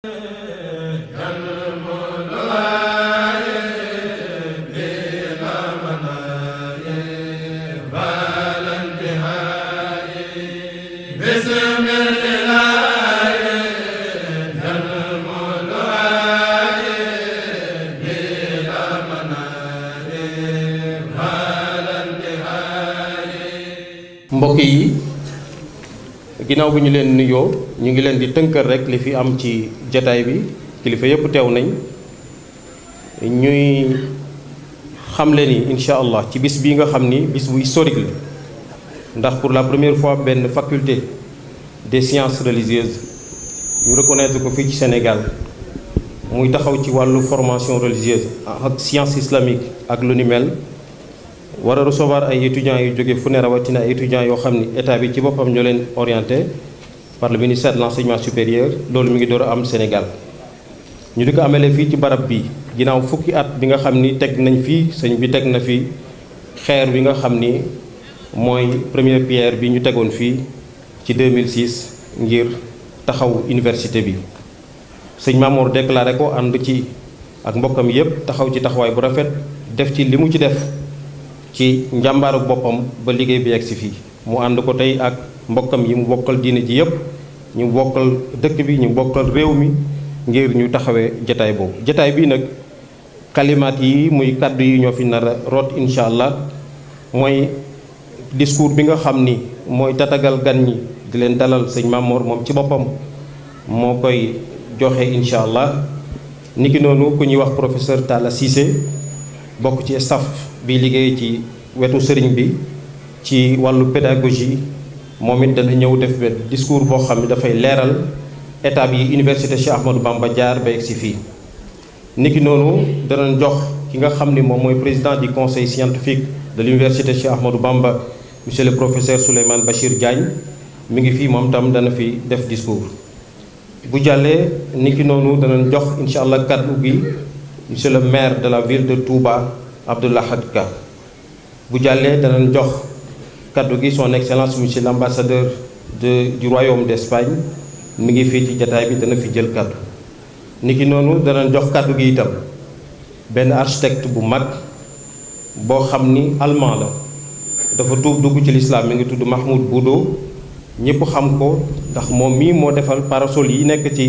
mbokk yi ginnaaw bu ñu leen nuyoo ñu ngi leen di tënkal rek li fi am ci jataay bi kilifa yëpp teew nañ ñuy xamle ni incha allah ci bis bii nga xam ni bis bu historique la ndax pour la première fois benn faculté des sciences religieuses ñu reconnaître ko fii ci Sénégal muy taxaw ci wàllu formation religieuse ak science islamique ak lu ni mel war a recevoir ay étudiants yu jóge fu ne rawatina ay étudiants yoo xam ni état bi ci boppam ñoo leen orienté par le ministère de l'enseignement supérieur loolu mu ngi door a am Sénégal ñu di ko amele fii ci barab bi ginnaaw fukki at bi nga xam ni teg nañ fii sëñ bi teg na fi xeer bi nga xam ni mooy premier pierre bi ñu tegoon fii ci 2006 ngir taxaw université bi sëñ Mamour déclaré ko ànd ci ak mbokkam yépp taxaw ci taxawaay bu rafet def ci li mu ci def ci njàmbaaru boppam ba liggéey bi yegg si fii mu ànd ko tey ak mbokkam yi mu bokkal diine ji yëpp ñu bokkal dëkk bi ñu bokkal réew mi ngir ñu taxawee jataay boobu jataay bii nag kalimaat yi muy kàddu yi ñoo fi nar a root incha allah mooy discours bi nga xam ni mooy tatagal gan ñi di leen dalal sëñ Mamor moom ci boppam moo koy joxe incha allah niki noonu ku ñuy wax professeur Talla Cissé bokk ci saf bi liggéey ci wetu sëriñ bi ci wàllu pédagogie moom it dana ñëw def benn discours boo xam ne dafay leeral étape yi université Cheikh Ahmadou Bamba jaar ba egsi fii. niki noonu danañ jox ki nga xam ni moom mooy président du conseil scientifique de l'université Cheikh Ahmadou Bamba monsieur le professeur Souleymane Bachir Diagne mi ngi fii moom tam dana fi def discours. bu jàllee niki noonu danañ jox incha allah kàddu gi monsieur le maire de la ville de Touba Abdoul Ahad bu jàllee danañ jox. kaddu gi son excellence monsieur l'ambassadeur de du royaume d'Espagne mi ngi fii ci jataay bi dana fi jël kaddu ki noonu dana jox kaddu gi itam benn architecte bu mag boo xam ni allemand la dafa tuub dugg ci lislaam mi ngi tudd Mahmoud Boudo ñëpp xam ko ndax moom mii moo defal parasol yi nekk ci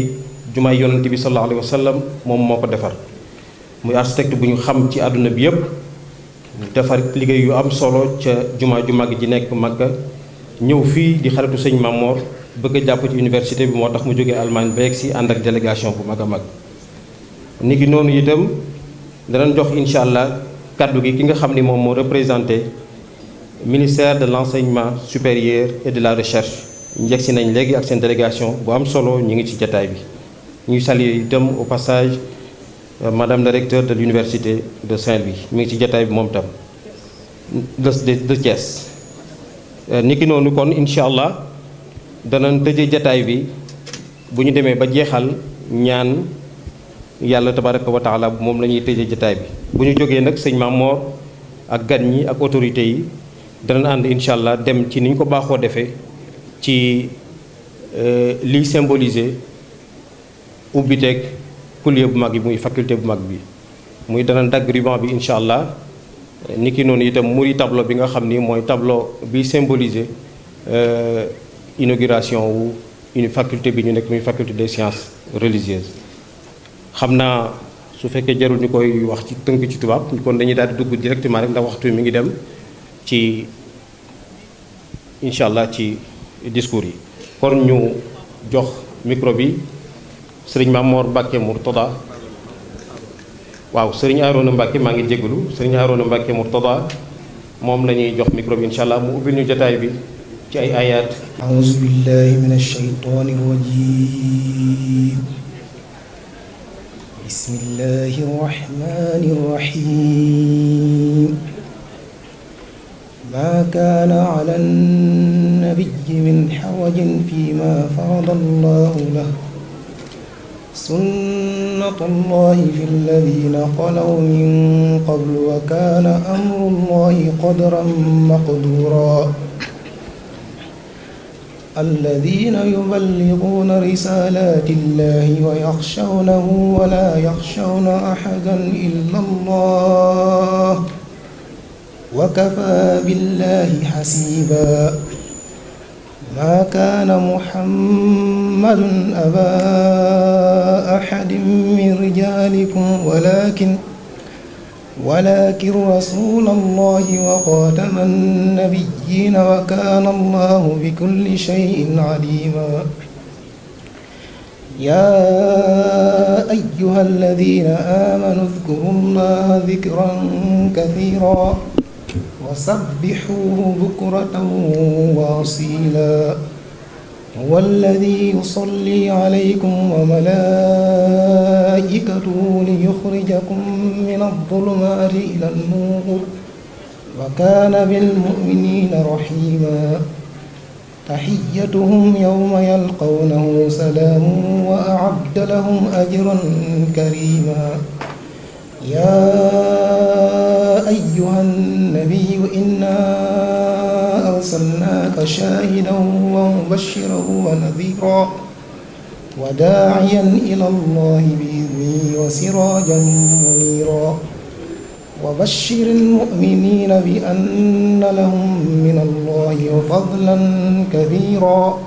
jumaay yonante bi sallallahu alayhi wa moom moo ko defar muy architecte bu ñu xam ci àdduna bi yépp defar liggéey yu am solo ca jumaa ju mag ji nekk Makka ñëw fii di xaritu sëñ Mamor bëgg jàpp ci université bi moo tax mu jógee Allemagne ba yegsi ànd ak délégation bu mag a mag. ni ngi noonu itam danañ jox incha allah kàddu gi ki nga xam ni moom moo représenté ministère de l' enseignement supérieur et de la recherche. njëg si nañ léegi ak seen délégation bu am solo ñu ngi ci jataay bi ñuy saluer itam au passage. Euh, madame la de l'université de Saint-Louis mi ngi ci jataay bi moom tam de de Thiès euh, niki noonu kon incha allah dana tëje jataay bi bu ñu demee ba jeexal ñaan yàlla tabaraka wa taala moom la ñuy tëje jataay bi bu ñu jógee nag sëñ Mamor ak gan ñi ak autorités yi danañ ànd incha allah dem ci ni ñu ko baaxoo defee ci euh, liy symboliser ubbiteeg kuliya bu mag bi muy faculté bu mag bi muy dana dagg ruban bi incha allah ni ki noonu itam muri tableau bi nga xam ni mooy tableau bi symboliser euh, inauguration wu une faculté bi ñu nekk muy faculté des sciences religieuses xam naa su fekkee jarul ñu koy wax ci tënk ci tubaab kon dañuy daal di dugg directement rek ndax waxtu mi ngi dem ci incha allah ci discours yi kon ñu jox micro bi sëriñ Mamoor Mbàkke Murtada waaw sëriñ Aroona Mbàkke maa ngi jégalu sëriñ Aroona Mbàkke Murtada moom la ñuy jox micro bi incha allah mu ubbil ñu jotaay bi ci ayaat auzu billahi min ash-shaytaani rajim bismillahi rahmani rahim ما كان على النبي من حرج سنة الله في الذين خلوا من قبل وكان أمر الله قدرا مقدورا الذين يبلغون رسالات الله ويخشونه ولا يخشون أحدا إلا الله وكفى بالله حسيبا ما كان محمد أبا أحد من رجالكم ولكن ولكن رسول الله وخاتم النبيين وكان الله بكل شيء عليما يا أيها الذين آمنوا اذكروا الله ذكرا كثيرا وسبحوه بكرة وأصيلا هو الذي يصلي عليكم وملائكته ليخرجكم من الظلمات إلى النور وكان بالمؤمنين رحيما تحيتهم يوم يلقونه سلام وأعد لهم أجرا كريما يا يا أيها النبي إنا أرسلناك شاهدا ومبشرا ونذيرا وداعيا إلى الله بإذنه وسراجا منيرا وبشر المؤمنين بأن لهم من الله فضلا كبيرا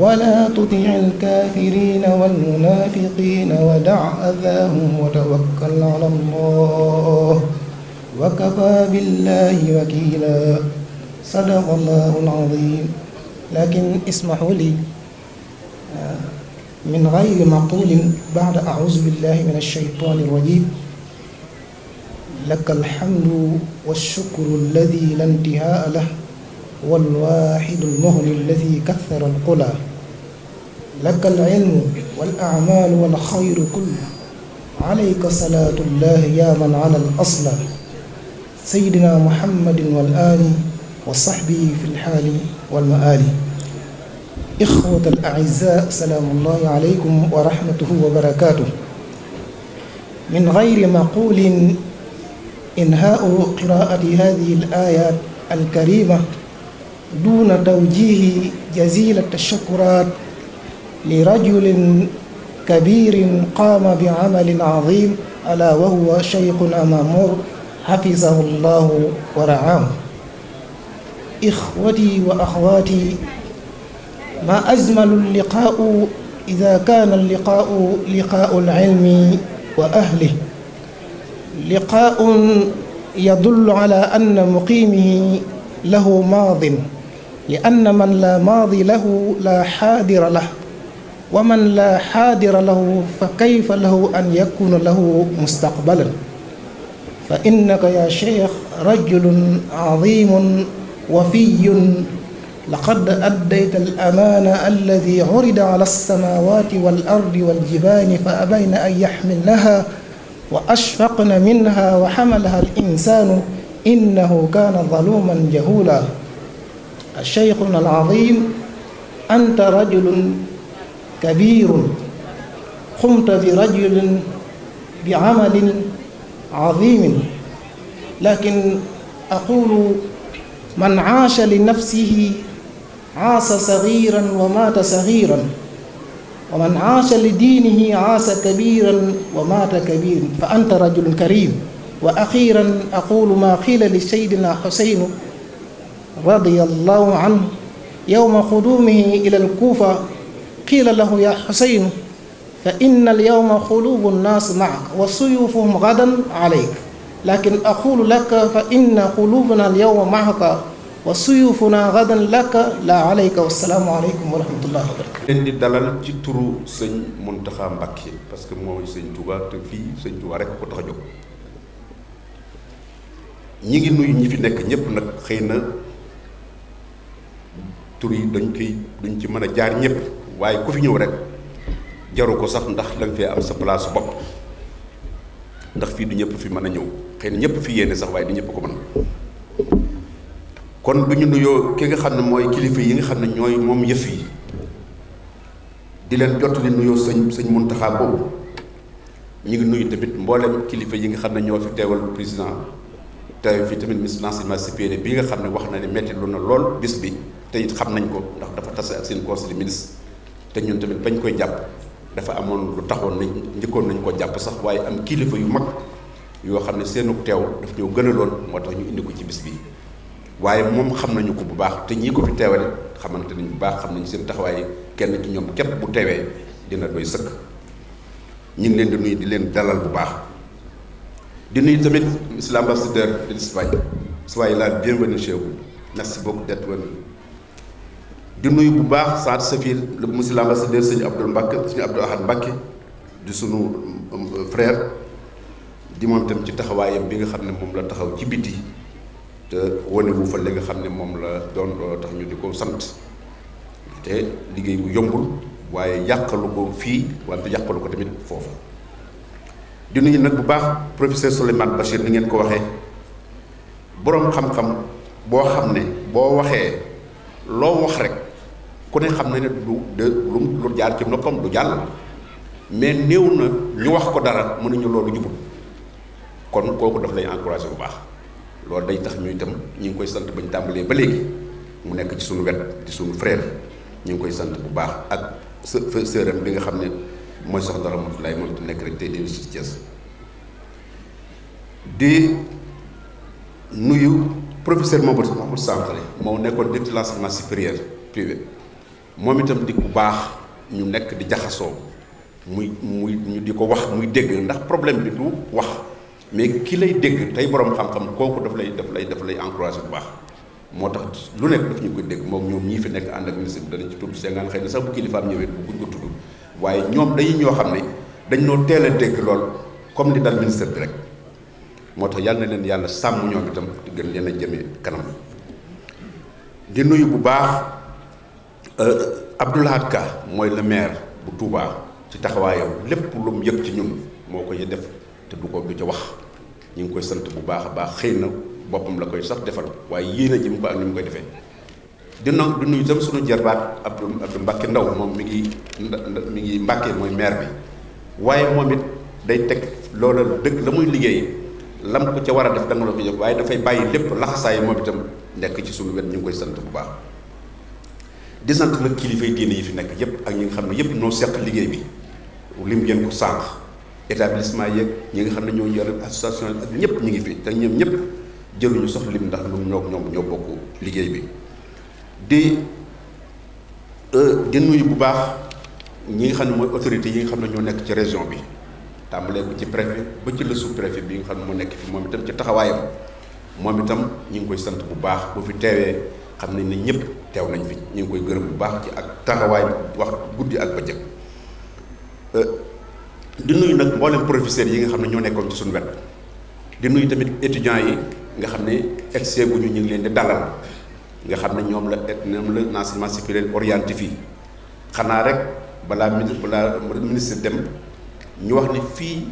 ولا تطع الكافرين والمنافقين ودع أذاهم وتوكل على الله wa kafaa billaahi wakiila sadaqallaahu al-aziim lakin ismahu li min gayri maqulin ba'da a'uuzu billaahi mina shaytaani rajiim laka alhamdu walshukru alladi la intihaa lah walwaxidu almuhni alladi kathara alqula laka alilmu walacmaalu walxayru kullu alayka salaatu llahi yaa man ala al asla sayidina muhammadin wal ali wa saxbihi fi lxaali wal maali ixwat al aizaa salaamullahi aleykum wa rahmatuhu wa barakaatuh min gayri maqulin inhaau qiraati hadihi al ayat al karima duna tawjihi jazila tashakurat li rajulin kabirin qaama bi amalin azim ala wa huwa cheikhun amamur حفظه الله ورعاه إخوتي وأخواتي ما أجمل اللقاء إذا كان اللقاء لقاء العلم وأهله لقاء يدل على أن مقيمه له ماض لأن من لا ماضي له لا حاضر له ومن لا حاضر له فكيف له أن يكون له مستقبلاً fa innaka yaa cheikh rajulun azimun wafiyun laqad addayta al-amaana alladi urida ala as-samaawaati wal ardi wal jibaali fa abayna an yaxmilnaha wa ashfaqna minha wa xamalaha al-insaanu innahu kaana zaluuman jahuula cheikhuna al-aziim anta rajulun kabiirun qumta bi rajulin bi amalin عظيم لكن أقول من عاش لنفسه عاش صغيرا ومات صغيرا ومن عاش لدينه عاش كبيرا ومات كبيرا فأنت رجل كريم وأخيرا أقول ما قيل لسيدنا حسين رضي الله عنه يوم قدومه إلى الكوفة قيل له يا حسين fa inna al yawma xulubu nnaas maak wa suyufuhum gadan alayk lakin aqulu laka fa inna xulubuna al yawma maaka wa suyufuna gadan laka laa alayka wassalaamu aleykum wa rahmatullahi wa barakatu leen di dalal ci turu sëñ Muntaxa Mbàkke parce que mooy sëñ Tuuba te fii sëñ Tuuba rek ko tax a jóg ñi ngi nuyu ñi fi nekk ñépp nag xëy na tur yi dañ koy duñ ci mën a jaar ñépp waaye ku fi ñëw rek jaru ko sax ndax da nga fee am sa place bopp ndax fii du ñëpp fi mën a ñëw xëy na ñëpp fi yéene sax waaye du ñëpp ko mën kon bu ñu nuyoo ki nga xam ne mooy kilifa yi nga xam ne ñooy moom yëf yi di leen jottali nuyoo sëñ sëñ Muntaxa ñu ngi nuyu tamit mboolem kilifa yi nga xam ne ñoo fi teewal président teew fii tamit ministre de l'enseignement supérieur bi nga xam ne wax na ne metti lu na lool bis bi te xam nañ ko ndax dafa tase ak seen conseil des te ñun tamit bañ koy jàpp. dafa amoon lu taxoon nañ njëkkoon nañ ko jàpp sax waaye am kilifa yu mag yoo xam ne seenu teew daf ñoo gënaloon moo tax ñu indi ko ci bis bi waaye moom xam nañu ko bu baax te ñii ko fi teewale xamante nañ bu baax xam nañ seen taxawaay kenn ci ñoom képp bu teewee dina doy sëkk ñu ngi leen di nuyu di leen dalal bu baax di nuyu tamit monsieur l'ambassadeur de l'Espagne soyez la bienvenue chez vous merci beaucoup d'être venu di nuyu bu baax Saad Safir le monsieur l'ambassadeur sëñ Abdoul Mbacke sëñ Abdoul Ahad Mbacke di suñu um, um, frère di moom itam ci taxawaayam bi nga xam ne moom la taxaw ci biti te wane wu li nga xam ne moom la doon loola tax ñu di ko sant te liggéey bu yombul waaye yàqalu ko fii wante yàqalu ko tamit foofa di nuyu nag bu baax professeur Souleymane Bachir ni ngeen ko waxee boroom xam-xam boo xam ne boo waxee loo wax rek. ku ne xam ne ne du de lu lu jaar ci noppam du jàll mais néew na ñu wax ko dara mënuñu loolu jubul kon kooku daf lay encouragé bu baax loolu dañ tax ñuy itam ñu ngi koy sant bañ tàmbalee ba léegi mu nekk ci suñu wet di suñu frère ñu ngi koy sant bu baax ak sa sëram bi nga xam ne mooy soxna Ramatoulaye moom itam nekk rek te di si Thiès di nuyu professeur Mamadou Mamadou Sankhare moo nekkoon directeur de l'enseignement supérieur privé moom itam di bu baax ñu nekk di jaxasoo muy muy ñu di ko wax muy dégg ndax problème bi du wax mais ki lay dégg tey borom xam-xam kooku daf lay daf lay daf lay encouragé bu baax moo tax lu nekk daf ñu koy dégg moom ñoom ñii fi nekk ànd ak ministre bi danañ ci tudd Senghane xëy na sax bu kilifaam ñëwee buñ ko tudd waaye ñoom dañuy ñoo xam ne dañu loo teel a dégg lool comme li dal ministre bi rek moo tax yàlla na leen yàlla sàmm ñoom itam di gën a jëmee kanam Euh, Abdoulahat Ka mooy le maire bu Touba ci taxawaayam lépp lu mu yëg ci ñun moo ko ci def te du ko du ca wax ñu ngi koy sant bu baax a baax xëy na boppam la koy sax defal waaye yéene ji mu ko ak ni mu koy defee. dina du nuyu tam suñu jarbaat Abdou Abdou Ndaw moom mi ngi mi ngi Mbacke mooy maire bi waaye moom it day teg loola dëgg la muy liggéey lam ko ca war a def danga la ko jox waaye dafay bàyyi lépp laxasaay moom itam nekk ci suñu wet ñu ngi koy sant bu baax. di sant nag kilifay diine yi fi nekk yépp ak ñi nga xam ne yépp noo seq liggéey bi lim ngeen ko sànq établissement yeeg ñi nga xam ne ñoo yore association ak ñëpp ñu ngi fi te ñoom ñëpp jëluñu soxla lim ndax ñoom ñoom ñoo bokk liggéey bi di euh, di nuyu bu baax ñi nga xam ne mooy autorité yi nga xam ne ñoo nekk ci région bi tàmbalee ko ci préfet ba ci le sous préfet bi nga xam ne moo nekk fi moom itam ci taxawaayam moom itam ñu ngi koy sant bu baax bu fi teewee xam ne ne ñëpp teew nañ fi ñu ngi koy gërëm bu baax ci ak taxawaay wax guddi ak bëccëg euh, di nuyu nag mboolem professeurs yi nga xam ne ñoo nekkoon ci suñu wet di nuyu tamit étudiants yi nga xam ne excès guñu ñu ngi leen di dalal nga xam ne ñoom la ñoom la enseignement supérieur orienté fii xanaa rek balaa ministre balaa ministre dem ñu wax ni fii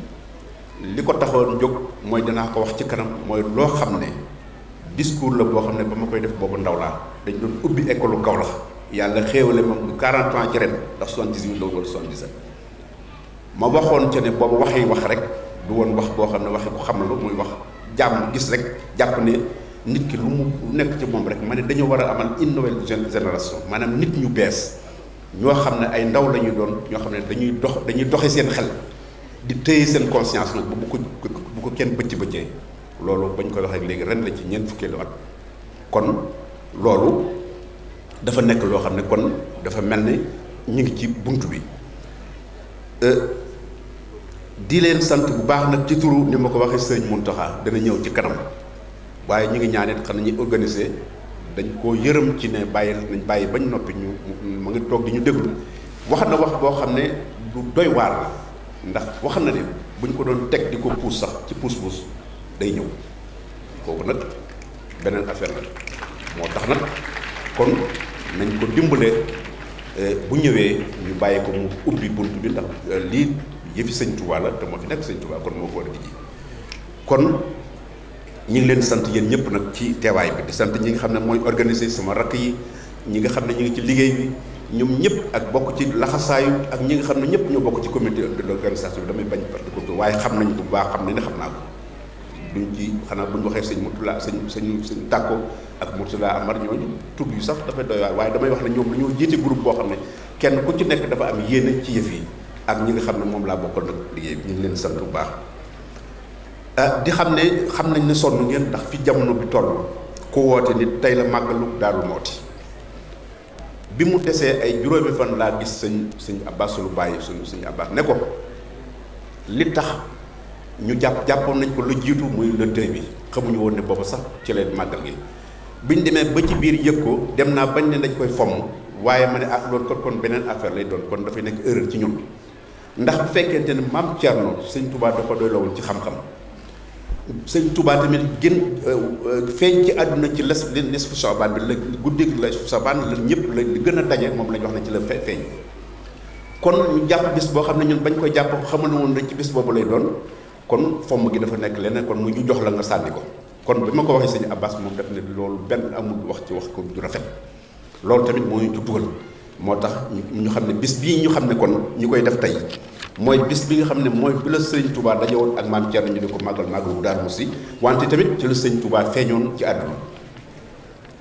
li ko taxoon jóg mooy danaa ko wax ci kanam mooy loo xam ne. discours la boo xam ne ba ma koy def boobu ndaw laa dañ doon ubbi école kaw la yàlla xéewale ma bu 40 ans ci ren ndax 78 la woon 77 ma waxoon ca ne boobu waxi wax rek du woon wax boo xam ne waxi ku xam la muy wax jàmm gis rek jàpp ne nit ki lu mu nekk ci moom rek ma ne dañoo war a amal une nouvelle génération maanaam nit ñu bees ñoo xam ne ay ndaw la doon ñoo xam ne dañuy dox dañuy doxe seen xel di téye seen conscience nag bu ko bu ko kenn bëcc bëccee loolu bañ koy wax léegi ren la ci ñeent fukkeelu at kon loolu dafa nekk loo xam ne kon dafa mel ne ñu ngi ci bunt bi euh, di leen sant bu baax nag ci turu ni ma ko waxee sëñ Muntaxa dana ñëw ci kanam waaye ñu ngi ñaanit xam nañu organiser dañ koo yërëm ci ne bàyyi nañ bàyyi bañ noppi ñu ma ngi toog di ñu déglu wax na wax boo xam ne du doy waar la ndax wax na ne buñ ko doon teg di ko puus sax ci puus puus day ñëw kooku nag beneen affaire la moo tax nag kon nañ ko dimbalee eh, bu ñëwee ñu bàyyi ko mu ubbi bunt bi ndax eh, lii yëfi sëñ Tuubaa la te moo fi nekk sëñ Tuubaa kon moo ko war a ji kon ñu ngi leen sant yéen ñëpp nag ci teewaay bi di sant ñi nga xam ne mooy organiser sama rakk yi ñi nga xam ne ñu ngi ci liggéey bi ñoom ñëpp ak bokk ci laxasaayu ak ñi nga xam ne ñëpp ñoo bokk ci comité de l'organisation bi damay bañ parce waaye xam nañ bu baax xam ne xam naa ko duñ ci xanaa buñ waxee sëñ Murtala sëñ sëñ sëñ Tàkko ak Murtala Amar ñooñu tur yu sax dafay doy waaye damay wax ne ñoom dañoo jiite groupe boo xam ne kenn ku ci nekk dafa am yéene ci yëf yi ak ñi nga xam ne moom laa bokkoon nag liggéey bi ñu ngi leen bu baax ah, di xam ne xam nañ ne sonn ngeen ndax fi jamono bi toll ku woote nit tey la màggalu Daaru Mooti bi mu desee ay juróomi fan laa gis sëñ sëñ Abbas lu bàyyi suñu sëñ Abbas ne ko li tax ñu jàpp jàppoon nañ ko lu jiitu muy le deux bi xamuñu woon ne boobu sax ci leen màggal gi biñ demee ba ci biir yëg ko dem naa bañ ne dañ koy fomm waaye ma ne ak ah, loolu kon beneen affaire lay doon kon dafay nekk erreur ci ñun ndax bu fekkente ne maam Thierno sëñ Touba da ko doy lawoon ci xam-xam sëñ tubaab tamit gën euh, euh, feeñ ci àdduna ci les li nisfu Saabaan bi la guddeeg la Saabaan la ñëpp la li gën a daje moom lañ wax ne ci la feeñ kon ñu jàpp bis boo xam ne ñun bañ koy jàpp xamal woon rek ci bis boobu lay doon kon fomm gi dafa nekk leneen kon mu ñu jox la nga sànni ko kon bi ma ko waxee sëñ Abbas moom def ne loolu benn amul wax ci wax ko du rafet loolu tamit moo ñu ci dugal moo tax ñu xam ne bis bii ñu xam ne kon ñi koy def tey mooy bis bi nga xam ne mooy bi la sëñ Touba dajewoon ak maam Thierno ñu di ko màggal màggal bu Darou Moussi wante tamit ci la sëñ Touba feeñoon ci àdduna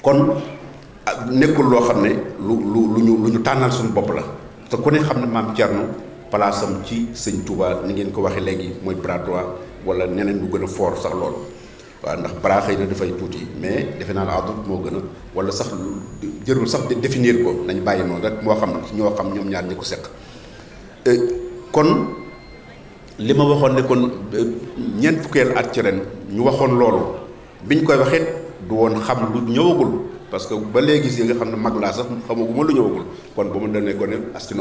kon nekkul loo xam ne lu lu lu ñu lu ñu tànnal suñu bopp la te ku ne xam ne maam Thierno. palaasam ci sëñ Touba ni ngeen ko waxee léegi mooy bras droit wala neneen lu gën a fort sax loolu waaw ndax bras xëy na dafay tuuti mais defe naa la adut moo gën a wala sax jërul sax définir ko nañ bàyyi noonu rek moo xam ñoo xam ñoom ñaar ñi ko seq euh, kon li ma waxoon ne kon euh, ñeent fukkeel at ci ren ñu waxoon loolu biñ koy waxit du woon xam lu ñëwagul parce que ba léegi si nga xam ne mag laa sax xamaguma lu ñëwagul kon bu ma demee ko ne as ci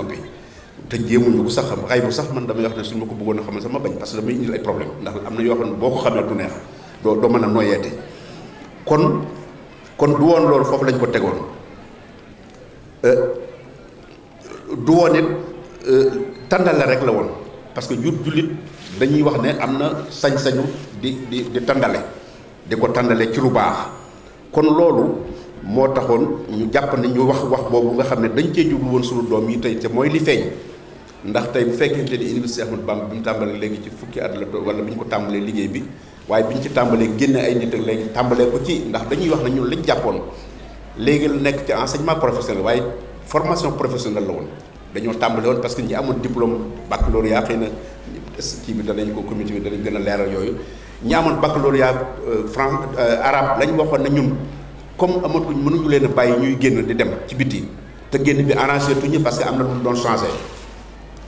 te jéemuñu ko sax xam xay bu sax man damay wax ne suñ ma ko bëggoon a xamal sama bañ parce que damay indil ay problème ndax am na yoo xam ne boo ko xamee du neex doo doo a noyeete kon kon du woon loolu foofu lañ ko tegoon euh, du woon it euh, tàndal la rek la woon parce que jur jullit dañuy wax ne am na sañ-sañu di di di tàndale di ko tàndale ci lu baax kon loolu moo taxoon ñu jàpp ne ñu wax wax boobu nga xam ne dañ cee jublu woon sunu doom yi tey te mooy li feeñ ndax tey bu fekkente ni université Ahmadou Bamba bu mu tàmbalee léegi ci fukki at la wala bi ñu ko tàmbalee liggéey bi waaye bi ñu ci tàmbalee génne ay nit ak léegi tàmbalee ko ci ndax dañuy wax ne ñun lañ jàppoon léegi lu nekk ci enseignement professionnel waaye formation professionnelle la woon dañoo tàmbale woon parce que ñi amoon diplôme baccalauréat xëy na kii bi danañ ko comité bi danañ gën a leeral yooyu ñi amoon baccalauréat euh, franc euh, arabe lañ waxoon ne ñun comme amatuñ mënuñu leen a bàyyi ñuy génn di dem ci biti te génn bi arrangé tuñu parce que am na lu doon changé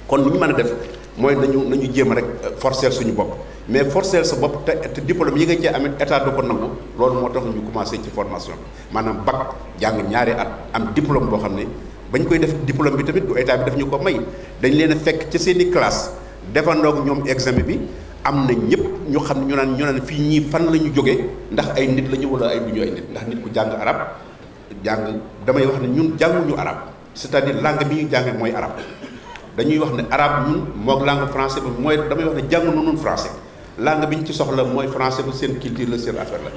kon lu ñu mën a def mooy nañu nañu jéem rek euh, forcer suñu bopp mais forcer sa bopp te te diplôme yi nga cee amit état du ko nangu loolu moo tax ñu commencé ci formation bi maanaam bac jàng ñaari at am diplôme boo xam ne bañ koy def diplôme bi tamit du état bi daf ñu ko may dañu leen a fekk ci seen i classe defandoog ñoom examen bi am na ñëpp ñu xam ne ñu naan ñu naan fii ñii fan la ñu jógee ndax ay nit la ñu wala ay du ñu ay nit ndax nit ku jàng arab jàng damay wax ne ñun jànguñu arab c'est-à-dire langue bi ñu jàng mooy arab dañuy wax ne arab ñun moog langue français bi mooy damay wax ne jànguñu ñun français langue bi mooy français bi seen culture la seen affaire la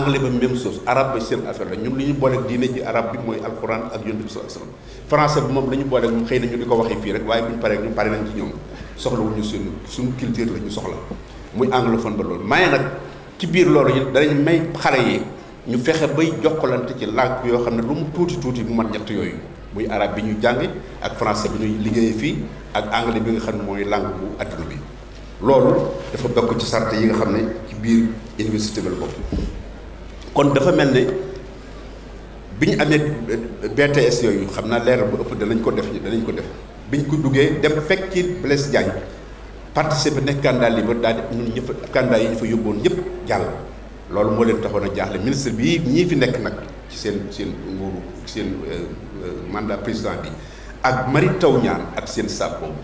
ñun li ñu booleeg diine ji arab bi mooy alquran ak yonent bi sallallahu alayhi bi moom la ñu booleeg xëy na di ko waxee fii rek waaye bu ñu paree ñu pare nañ ci ñoom soxlawuñu suñu suñu culture la ñu soxla muy anglophone ba loolu maye nag ci biir loolu yi danañ may xale yi ñu fexe bay jokkalante ci làkk yoo xam ne lu mu tuuti tuuti mu man ñett yooyu muy arabe bi ñuy jàng ak français bu ñuy liggéeyee fii ak anglais bi nga xam ne mooy langue bu adduna bi loolu dafa bokk ci sart yi nga xam ne ci biir université bi la bokk kon dafa mel ne bi ñu amee BTS yooyu xam naa leeral bu ëpp danañ ko def danañ ko def biñ ko duggee dem fekki Blaise Diagne participer nekk candidat libre daal di ñun ñëpp candidat yi ñu fa yóbboon ñëpp jàll. loolu moo leen taxoon a jaaxle ministre bi ñii fi nekk nag ci seen seen nguuru seen euh, mandat président bi ak Mary Teuw Niane ak seen staff boobu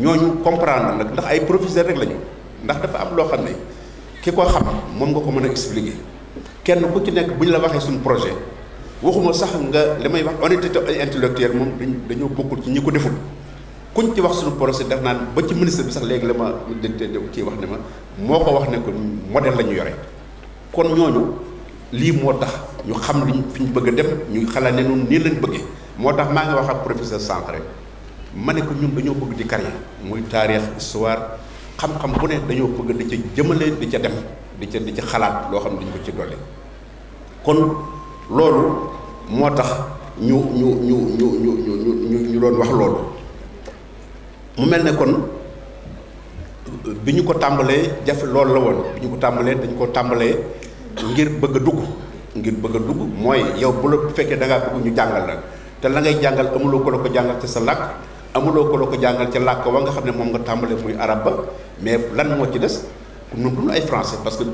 ñooñu comprendre nag ndax ay professeur rek lañu ndax dafa am loo xam ne ki ko xam moom nga ko mën a expliquer kenn ku ci nekk bu ñu la waxee suñu projet waxuma sax nga li may wax honnêteté intellectuelle moom dañoo bokkul ci ñi ko deful. kuñ ci wax suñu projet def naan ba ci ministre bi sax léegi la ma dégg ciy wax ne ma moo ko wax ne ko modèle la yore kon ñooñu lii moo tax ñu xam liñ fi ñu bëgg a dem ñu xalaat ne noonu nii lañ bëggee moo tax maa ngi wax ak professeur Sànq rek ma ne ko ñun dañoo bëgg di carrière muy taarix histoire xam-xam bu ne dañoo bëgg di ca jëmale di ca dem di ca di ca xalaat loo xam ne dañ ko ci dolli kon loolu moo tax ñu ñu ñu ñu ñu ñu ñu doon wax loolu mu mel ne kon bi ñu ko tàmbalee jafe loolu la woon bi ñu ko tàmbalee dañu ko tàmbalee ngir bëgg a dugg ngir bëgg a dugg mooy yow bu la bu fekkee da ngaa bëgg ñu jàngal la te la ngay jàngal amuloo ko la ko jàngal ci sa làkk amuloo ko ko jàngal ca làkk wa nga xam ne moom nga tàmbalee muy arab ba mais lan moo ci des ñun duñu ay français parce que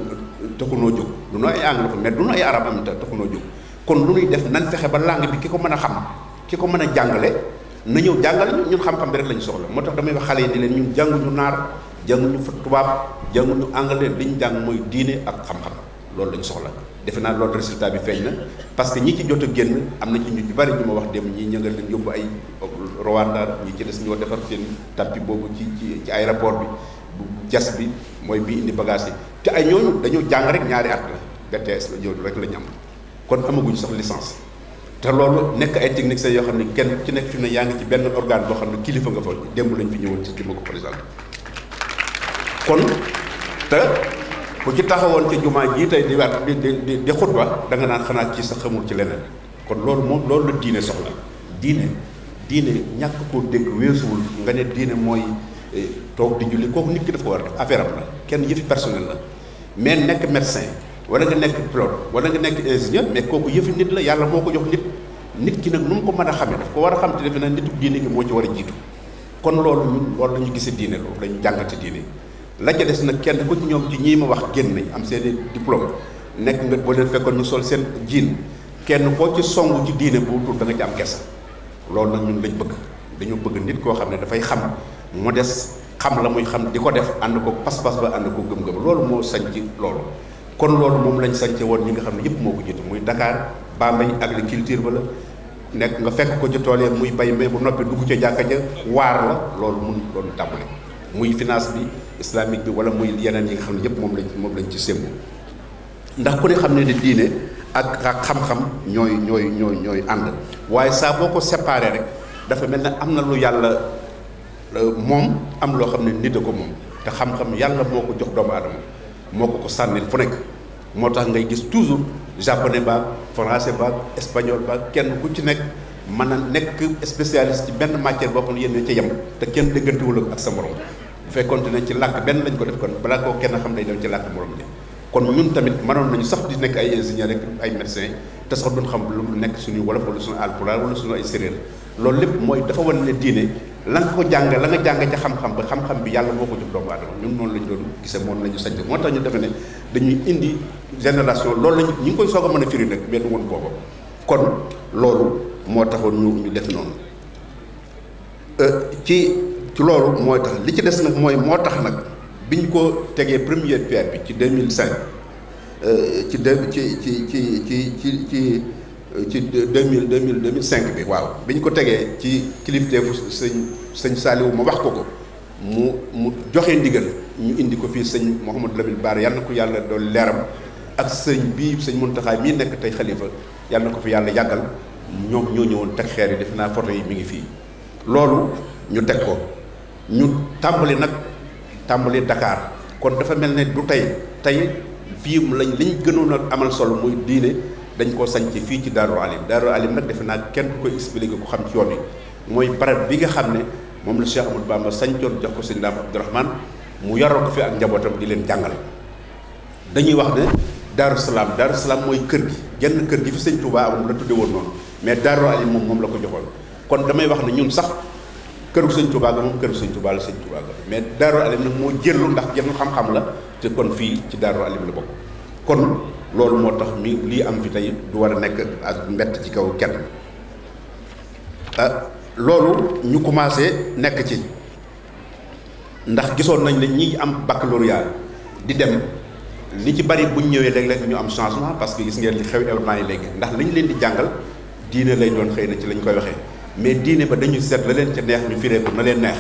taxunoo jóg nu ay anglais mais duñu ay arab am taxunoo jóg kon lu ñuy def nan fexe ba langue bi ki ko mën a xam ki ko mën a jàngale na ñëw jàngale ñu ñun xam-xam bi rek lañu soxla moo tax damay wax xale yi di leen ñun jànguñu naar jànguñu fa tubaab jànguñu anglais li ñu jàng mooy diine ak xam-xam loolu lañu soxla defe naa loolu résultat bi feeñ na parce que ñi ci jot a génn am na ci ñu bari ñu ma wax dem ñi ñëngal leen yóbbu ay Rwanda ñi ci des ñoo defar seen tapis boobu ci ci ci rapport bi bu jas bi mooy bi indi bagage yi te ay ñooñu dañoo jàng rek ñaari at la BTS la ñooñu rek la ñu am kon amaguñ sax licence te loolu nekk ay techniques yoo xam ne kenn ci nekk fi mu ne yaa ngi ci benn organe boo xam ne kilifa nga fa démb lañ fi ñëwoon ci ki ci taxawoon ci jumaa jii tey di waat di di di xutba naan xanaa ci sa xamul ci leneen kon loolu moom loolu la diine soxla diine diine ñàkk koo dégg weesuwul nga ne diine mooy eh, toog di julli kooku nit ki dafa war a def am la kenn yëfi personnel la mais nekk médecin wala nga nekk pilote wala nga nekk ingénieur mais kooku yëfi nit la yàlla moo ko jox nit nit ki nag nu mu ko mën a xamee daf ko war a xam te defe naa nitu diine gi moo war a jiitu kon loolu ñun la ñu gisee diine loolu la ñu jàngate diine la ca des nag kenn ku ci ñoom ci ñii ma wax génn nañ am seen diplôme nekk nga boo fekkoon ñu sol seen jiin kenn koo ci songu ci diine bu tur da nga ci am kersa loolu nag ñun lañ bëgg dañoo bëgg nit koo xam ne dafay xam mu des xam la muy xam di ko def ànd ko pas-pas ba ànd ko gëm-gëm loolu moo sañ ci loolu kon loolu moom lañ sance woon ñi nga xam ne yëpp moo ko jiitu muy dakaar Dakar Bambey agriculture ba la nekk nga fekk ko ci tool yi muy bay mais bu noppi dugg ca jàkka ja waar la loolu mun doon tàmbali muy finance bi islamique bi wala muy yeneen yi nga xam ne yëpp moom lañ moom lañ ci sémbu ndax ku ne xam ne ne diine ak ak xam-xam ñooy ñooy ñooy ñooy ànd waaye saa boo ko séparé rek dafa mel ne am na lu yàlla euh, moom am loo xam ne nit ko moom te xam-xam yàlla moo ko jox doomu moo ko ko sànnil fu nekk moo tax ngay gis toujours japonais baag français baag espagnol baag kenn ku ci nekk mën a nekk spécialiste ci benn matière boo xam ne yéen ci yem te kenn dëggantewul ak sa morom bu fekkoon ne ci làkk benn lañ ko def kon balaa koo kenn xam day dem ci làkk morom bi kon ñun tamit mënoon nañu sax di nekk ay ingénieur rek ay médecin te sax duñ xam lu nekk suñu wolof wala suñu alpulaar wala suñu ay séréer loolu lépp mooy dafa wan ne diine la nga ko jàng la nga jàng ca xam-xam ba xam-xam bi yàlla moo ko jox doomu aadama ñun noonu lañ doon gise moom la ñu sañ moo tax ñu defe ne dañuy indi génération loolu lañ ñu ngi koy mën a firi nag benn woon booba kon loolu moo taxoon ñu ñu def noonu euh, ci ci loolu mooy tax li ci des nag mooy moo tax nag bi ñu ko tegee première pierre bi ci 2005 euh, ci ci ci ci ci ci. ci deux mille deux mille deux mille cinq bi waaw bi ñu ko tegee ci kilifteefu sëñ sëñ Saliou ma wax ko ko mu mu joxe ndigal ñu indi ko fii sëñ Mouhamadou Lamine Bara yal na ko yàlla doo leeram ak sëñ bii sëñ Mountakha mii nekk tey xalifa yal na ko fi yàlla yàggal ñoom ñoo ñëwoon teg xeer yi def naa photo yi mu ngi fii loolu ñu teg ko ñu tàmbali nag tàmbali dakaar kon dafa mel ne du tey tey fii lañ liñ gënoon a amal solo muy diine dañ koo sanc fii ci daarul alim daarul alim nag defe naa kenn ku ko expliqué ku xam ci yoon wi mooy barab bi nga xam ne moom la Cheikh Amadou Bamba sancoon jox ko sëñ Daam Abdourahman mu yaroo ko fi ak njabootam di leen jàngal dañuy wax ne daaru salaam daaru salaam mooy kër gi genn kër gi fi sëñ Touba amoon la tudde woon noonu mais daarul alim moom moom la ko joxoon kon damay wax ne ñun sax këru sëñ tubaa ga moom këru sëñ Touba la sëñ Touba ga mais daarul alim nag moo jëllu ndax genn xam-xam la te kon fii ci daarul alim la bokk kon loolu moo tax mi lii am fi tey du war a nekk ak mbett ci kaw kenn ah, loolu ñu commencé nekk ci ndax gisoon nañ ne ñi am baccalauréat di dem li ci bari bu ñu ñëwee léeg-léeg ñu am changement parce que gis ngeen li xew événement yi léegi ndax lañ leen di jàngal diine lañ doon xëy na ci lañ koy waxee mais diine ba dañu seet la leen ca neex ñu firee ko na leen neex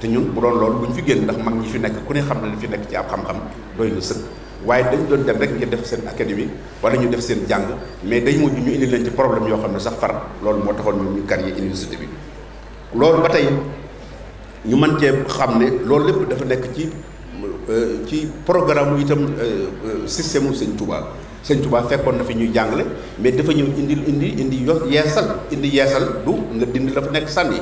te ñun bu doon lool bu ñu fi génn ndax mag ñi fi nekk ku ne xam na li fi nekk ci am xam-xam doy waaye dañu doon dem rek ngir def seen académie wala ñu def seen jàng mais dañ mujj ñu indi leen ci problème yoo xam ne sax far loolu moo taxoon ñu ñu carrière université bi loolu ba tey ñu man cee xam ne loolu lépp dafa nekk ci euh, ci programme itam euh, euh, système sëñ Touba sëñ Touba fekkoon na fi ñuy jàngale mais dafa ñëw indil indi indi yo yeesal indi yeesal du nga dindi la fa nekk sànni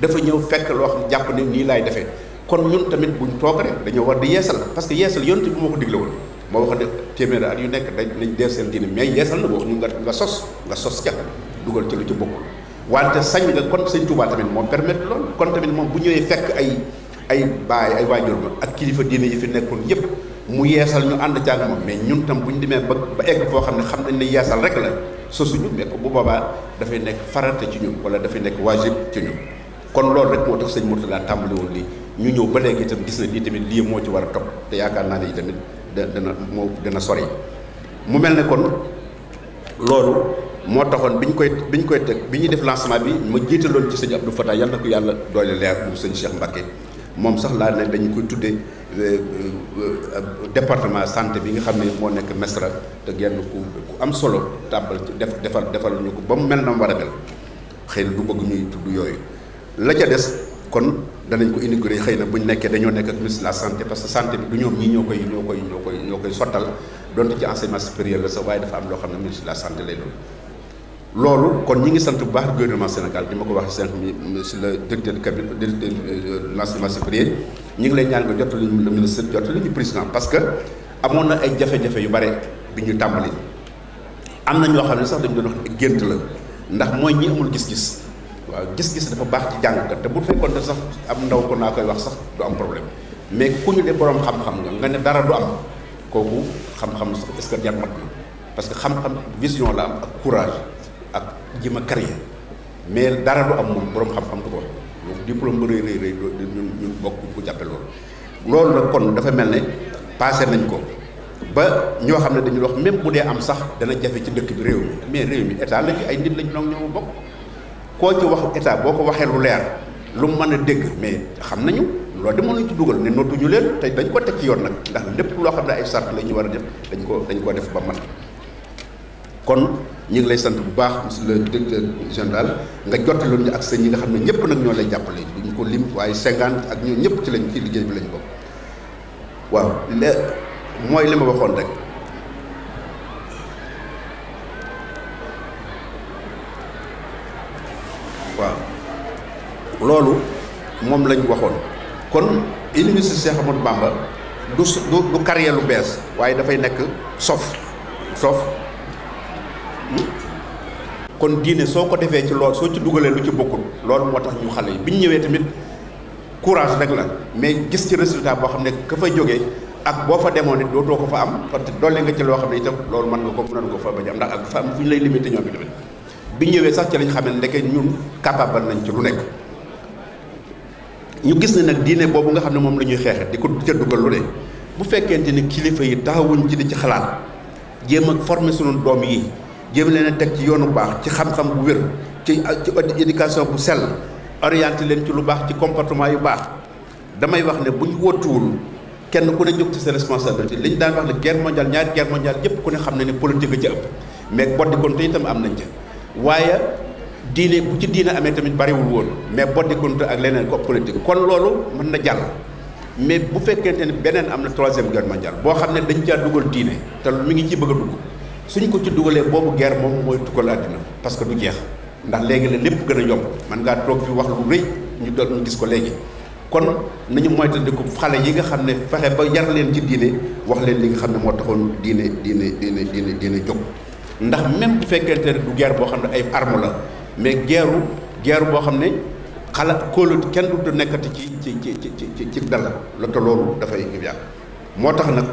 dafa ñëw fekk loo xam jàpp ne nii laay defee kon ñun tamit buñ toog rek dañoo war di parce que yeesal yonent bi moo ko digle woon moo wax ne téeméer at yu nekk dañ nañ deel seen diine mais yeesal na boo ñu nga nga sos nga sos ca dugal ci lu ci bokk wante sañ nga kon sëñ Tuubaa tamit moom permettre loolu kon tamit moom bu ñëwee fekk ay ay baay ay waajur ma ak kilifa diine yi fi nekkoon yépp mu yeesal ñu ànd caag mais ñun tam bu ñu demee ba ba egg foo xam ne xam nañ ne yeesal rek la sosuñu nekk bu boobaa dafay nekk farate ci ñun wala dafay nekk waajib ci ñun kon loolu rek moo tax sëñ Mourtada tàmbali woon lii ñu ñëw ba léegi itam gis na lii tamit lii moo ci war a topp te yaakaar naa ne itamit da dana moo dana sori mu mel ne kon loolu moo taxoon bi ñu koy bi ñu koy teg bi ñuy def lancement bi ma jiitaloon ci sa Abdou Fatah yàlla na ko yàlla doole leer bu sëñ Cheikh Mbacké moom sax laa ne dañu koy tuddee euh, euh, département santé bi nga xam ne moo nekk Mesra te genn ku ku am solo tàmbal def defar defal ñu ko ba mu mel na mu war a mel xëy na du bëgg ñuy tudd yooyu la ca des. kon danañ ko inauguré xëy na bu ñu nekkee dañoo nekk ak ministre de la santé parce que santé bi du ñoom ñii ñoo koy ñoo koy ñoo koy ñoo koy sottal donte ci enseignement supérieur la sax waaye dafa am loo xam ne ministre de santé lay doon. loolu kon ñi ngi sant bu baax gouvernement Sénégal bi ma ko waxee sànq mi monsieur le directeur du directeur de l'enseignement supérieur ñi ngi lay ñaan nga jottali le ministre jottali ñu président parce que amoon na ay jafe yu bare bi ñu tàmbali am na ñoo xam ne sax dañu doon wax la ndax mooy ñi amul gis-gis. waaw gis-gis dafa baax ci jàngkat te bu fekkoon ne sax am ndaw ko naa koy wax sax du am problème mais ku ñu de boroom xam-xam nga nga ne dara du am kooku xam-xam sax est-ce que jar mat na parce que xam-xam vision la am ak courage ak jima carrière mais dara du am moom xam-xam du ko wax donc diplôme bu rëy rëy rëy ñun ñun bokk ko jàppe loolu loolu la dafa mel ne passé nañ ko ba ñoo xam ne dañuy wax même bu dee am sax dana jafe ci dëkk bi réew mi mais réew mi état la ci ay nit lañ noog ñoo bokk koo ci wax état boo ko waxee lu leer lu mën a dégg mais xam nañu loolu demoon mën nañu ci dugal ne nootuñu leen te dañ ko teg ci yoon nag ndax lépp loo xam ne ay la ñu war a def dañ ko dañ ko def ba mat kon ñu ngi lay sant bu baax monsieur la directeur général nga jot jottaloon ñu ak sëñ yi nga xam ne ñëpp nag ñoo lay jàppale duñ ko lim waaye cinquante ak ñoo ñëpp ci lañ ci liggéey bi lañ bokk waaw mooy li ma waxoon rek loolu moom lañu waxoon kon université Cheikh Ahmadou Bamba du du du carrière lu bees waaye dafay nekk sof sof hmm? kon diine soo ko defee ci lool soo ci dugalee lu ci bokkul loolu moo tax ñu xale yi bi ñu ñëwee tamit courage rek la mais gis ci résultat boo xam ne ka fa jóge ak boo fa demoon it dootoo ko fa am parce que nga ci loo xam ne itam loolu mën nga ko mënoon ko fa bañ am ndax ak fa am fu ñu lay limité ñoom itamit bi ñëwee sax ci lañ xam ne ndeke ñun capable nañ ci lu nekk. ñu gis ne nag diine boobu nga xam ne moom lañuy ñuy di ko ca dugal lu ne bu fekkente ni kilifa yi taxawuñ ci di ci xalaat jéem a former sunu doom yi jéem leen a teg ci yoonu baax ci xam-xam bu wér ci ci éducation bu sell orienté leen ci lu baax ci comportement yu baax damay wax ne bu ñu wóotuwul kenn ku ne jóg ci sa responsabilité li ñu daan wax ne guerre mondiale ñaari guerre mondiale yëpp ku ne xam ne ne politique a ca ëpp mais boddi kon te itam am nañ ca waaye diine bu ci diine amee tamit bariwul woon mais boddikonte ak leneen ko politique kon loolu mën na jàll mais bu fekkente ne beneen am na troisième guerre mondiale boo xam ne dañ caa dugal diine te mi ngi ci bëgg a dugg ko ci dugalee boobu guerre moom mooy tukkal àddina parce que du jeex ndax léegi la lépp gën a yomb man ngaa toog fi wax lu rëy ñu doon gis ko léegi kon nañu moytandiku xale yi nga xam ne fexe ba yar leen ci diine wax leen li nga xam ne moo taxoon diine diine diine diine diine jóg ndax même bu fekkente ne du geer boo xam ne ay arme la mais geeru geeru boo xam ne xala kóolut kenn du nekkati ci ci ci ci ci ci dala la te loolu dafay yàq moo tax nag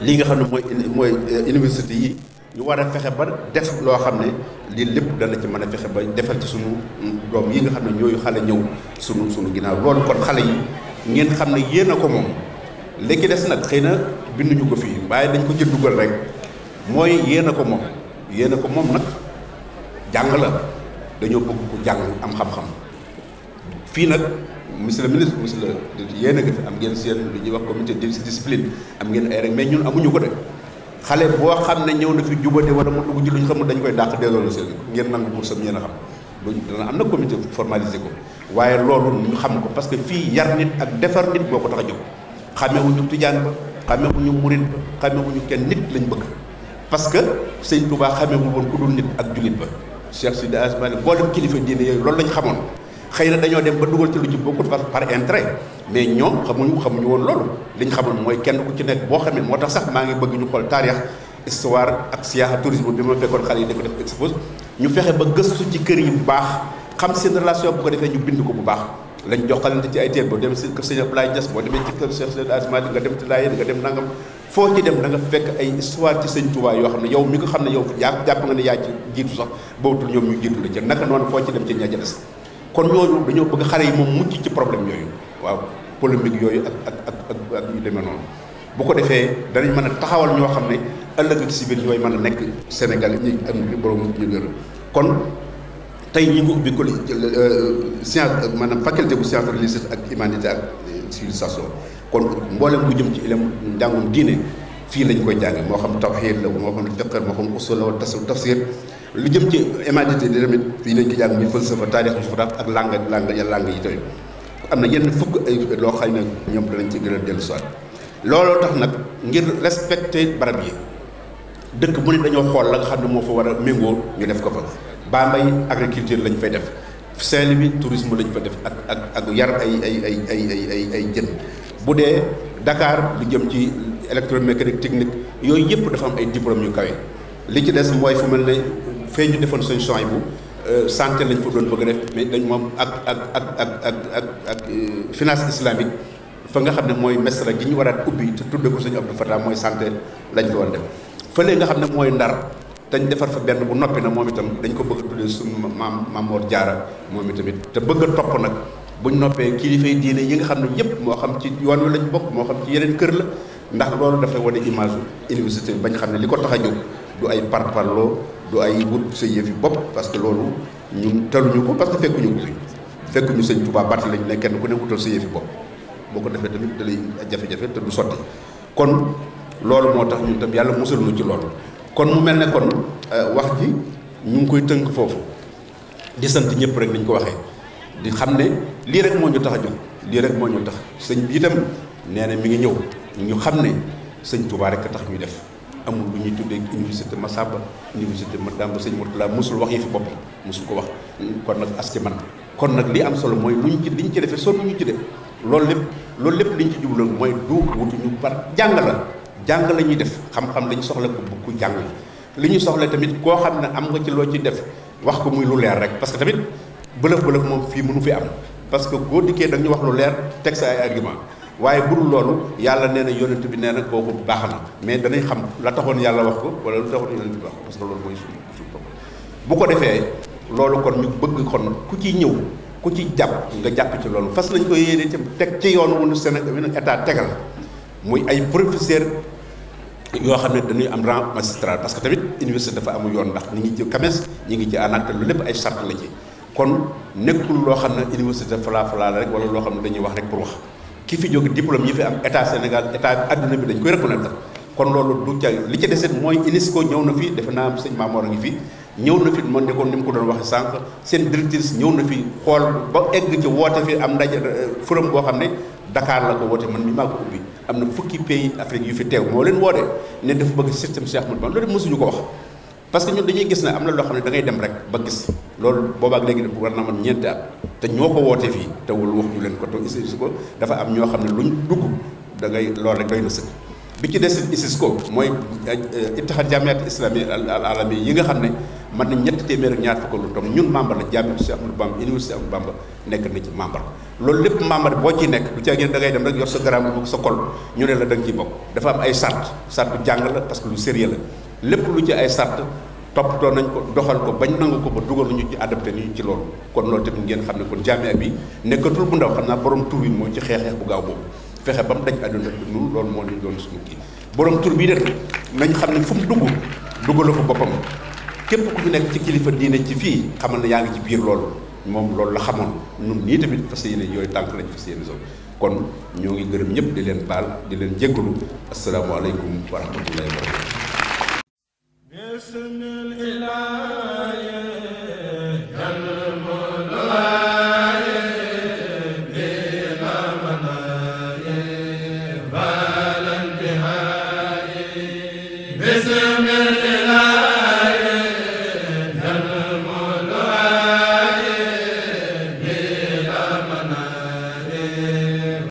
li nga xam ne mooy mooy euh, université yi ñu war a fexe ba def loo xam ne lii lépp dana ci mën a fexe ba defal ci sunu mm, doom yi nga xam ne ñooyu xale ñëw sunu sunu ginnaaw loolu kon xale yi ngeen xam ne yéen ko moom léegi des nag xëy na binduñu ko fii waaye dañ ko ci dugal rek mooy yéen a ko moom yéen ko moom nag jàng la dañoo bëgg ku jàng am xam-xam fii nag monsieur le ministre monsieur le yéen a ngi fi am ngeen seen lu ñuy wax comité de discipline am ngeen ay rek mais ñun amuñu ko de xale boo xam ne ñëw na fi jubate wala mu dugg ci lu ñu xamul dañ koy dàq delloo la seen ngeen nangu bursam ñeen a xam duñ dana am na comité formalisé ko waaye loolu ñu xam ko parce que fii yar nit ak defar nit boo ko tax a jóg xamewuñu tijaan ba xamewuñu murit ba xamewuñu kenn nit lañ bëgg parce que sëñ Tuubaa xamewul woon ku dul nit ak jullit ba Cheikh Sidi Asma ne mboolem kilifa diine yooyu loolu lañ xamoon xëy na dañoo dem ba dugal ci lu ci bokkut par par intérêt mais ñoom xamuñu xamuñu woon loolu liñ xamoon mooy kenn ku ci nekk boo xamee moo tax sax maa ngi bëgg ñu xool taarix histoire ak siyaaxa tourisme bi ma fekkoon xale yi di ko def expose ñu fexe ba gëstu ci kër yi bu baax xam seen relation bu ko defee ñu bind ko bu baax lañ joxalante ci ay téere boo si kër sëñ Abdoulaye Niass demee ci kër Cheikh Hadj nga dem ci Laayeen nga dem nangam foo ci dem da fekk ay histoire ci sëñ Touba yoo xam ne yow mi nga xam ne yow yaa jàpp nga ne yaa ci jiitu sax bootul ñoom ñu jiitu la ca naka noonu foo ci dem ci ña ca des kon ñooñu dañoo bëgg xale yi moom mucc ci problème yooyu waaw polémique yooyu ak ak ak ak ak demee noonu bu ko defee danañ mën a taxawal ñoo xam ne ëllëg ci biir ñooy mën a nekk Sénégal ñi ak borom ñu gën kon tey ñu ngi ubbi ko euh, science euh, maanaam faculté bu science religieuse ak humanité ak civilisation kon mboolem lu jëm ci ilam njàngum diine fii lañ koy jànge moo xam tawxiid la moo xam fiqh moo xam usul la wala tafsir lu jëm ci humanité di tamit fii lañ koy jàng muy ak langue langue ya langue yi am na yenn fukk ay loo xam ne ñoom danañ ci gën a dellu soit looloo tax nag ngir respecter barab yi dëkk bu ne dañoo xool la nga xam ne moo fa war a méngoo ñu def ko fa Bambey agriculture lañ fay def saint bi tourisme lañu fa def ak ak ak yar ay ay ay ay ay ay ay jën bu dee dakaar lu jëm ci électromécanique technique yooyu yëpp dafa am ay diplôme yu kawe li ci des mooy fu mel ne fee ñu defoon suñ soñ bu euh, santé lañ fa doon bëgg def mais dañ moom ak ak ak ak ak ak ak euh, finance islamique fa nga xam ne mooy mesra gi ñu waraat ubbi te tudde ko suñu Abdou Fatah mooy santé lañ fa war def fële nga xam ne mooy Ndar tañ defar fa benn bu noppi na moom itam dañ ko bëgg tuddee sunu maam Mamoor Jaara moom itamit te bëgg a topp nag buñ noppee kilifay diine yi nga xam ne yëpp moo xam ci yoon wi lañ moo xam ci yeneen kër la ndax loolu dafay wane image université bi bañ xam ne li ko tax a jóg du ay parparloo du ay wut sa yëfi yi bopp parce que loolu ñun taluñu ko parce que fekkuñu ko fi fekkuñu sëñ Tuubaa bàtt lañ ne kenn ku ne wutal sa yëf yi bopp boo ko defee tamit da lay jafe-jafe te du sotti kon loolu moo tax ñun tam yàlla musul ci loolu kon mu mel ne kon euh, wax ji ñu ngi koy tënk foofu di sant ñëpp rek ni ñu ko waxee di xam ne lii rek moo ñu tax a jóg lii rek moo ñu tax sëñ bi itam nee na mi ngi ñëw ñu xam ne sëñ Touba rek a tax ñuy def amul lu ñuy tuddee université Massamba université Madamba sëñ Mourtala mosul wax yi fi boppam mosul ko wax kon nag as ci man kon nag li am solo mooy luñ ci liñ ci defee sonn ñu ci def loolu lépp loolu lépp liñ ci jublu mooy du wutuñu par jàng la jàng la ñuy def xam-xam la ñu soxla ko bu ku jàng li ñu soxla tamit koo xam ne am nga ci loo ci def wax ko muy lu leer rek parce que tamit bëlëf bëlëf moom fii mënu fi am parce que boo dikkee da ñu wax lu leer teg sa ay argument waaye budul loolu yàlla nee na yonent bi nee na kooku baax na mais danay xam la taxoon yàlla wax ko wala lu taxoon yonent bi wax ko parce que loolu mooy suñu bu ko defee loolu kon ñu bëgg kon ku ci ñëw ku ci jàpp nga jàpp ci loolu fas nañ ko yéene ci teg ci yoon wu nu Sénégal état tegal muy ay professeur yoo xam ne dañuy am rang magistral parce que tamit université dafa amul yoon ndax ñi ngi ci CAMES ñi ngi ci ANAT lu lépp ay sart la ci kon nekkul loo xam ne université falaa falaa la rek wala loo xam ne dañuy wax rek pour wax ki fi jóg diplôme yi fi am état Sénégal état adduna bi dañ koy reconnaître kon loolu du li ca deset mooy UNESCO ñëw na fi defe naa a ngi fi ñëw na fi man ne kon ni mu ko doon waxee sànq seen directrice ñëw na fi xool ba egg ci woote fi am ndaje forum boo xam ne dakaar la ko woote man mi maa ko ubbi am na fukki pays Afrique yu fi teew moo leen woote ne dafa bëgg système Cheikh Ahmadou Bamba loolu mësuñu ko wax parce que ñun dañuy gis ne am na loo xam ne da ngay dem rek ba gis loolu boobaak léegi def war na te ñoo ko wootee fii te wul wax leen ko te ISIS ko dafa am ñoo xam ne ñu dugg da ngay loolu rek doy na sëkk bi ci des ISIS ko mooy euh, ittihad jamiat islami al alami yi nga xam ne mën nañ ñetti téeméer ak ñaar fukk lu toog ñun membre la jàmmi Cheikh Ahmadou Bamba université Ahmadou Bamba nekk na ci membre loolu lépp membre boo ciy nekk lu ci gën da dem rek yor sa garaam bu sa kol ñu ne la da nga ciy dafa am ay sart sartu jàng la parce que lu sérieux la lépp lu ci ay sart toppatoo nañ ko doxal ko bañ nangu ko ba dugal ñu ci adapté ni ci loolu kon loolu tamit ngeen xam ne kon jaamia bi nekkatul bu ndaw xam naa borom tur moo ci xeexeex bu gaaw boobu fexe ba mu daj moo ñu doon suñu kii borom tur bi nag xam ne fu mu dugg dugaloo ko boppam képp ku fi nekk ci kilifa diine ci fii xamal na yaa ngi ci biir loolu moom loolu la xamoon ñun nii tamit fas yéene yooyu tànk lañ fas yéene soog kon ñoo ngi gërëm ñëpp di leen baal di leen jéggalu asalaamaaleykum wa rahmatullahi wa barakatu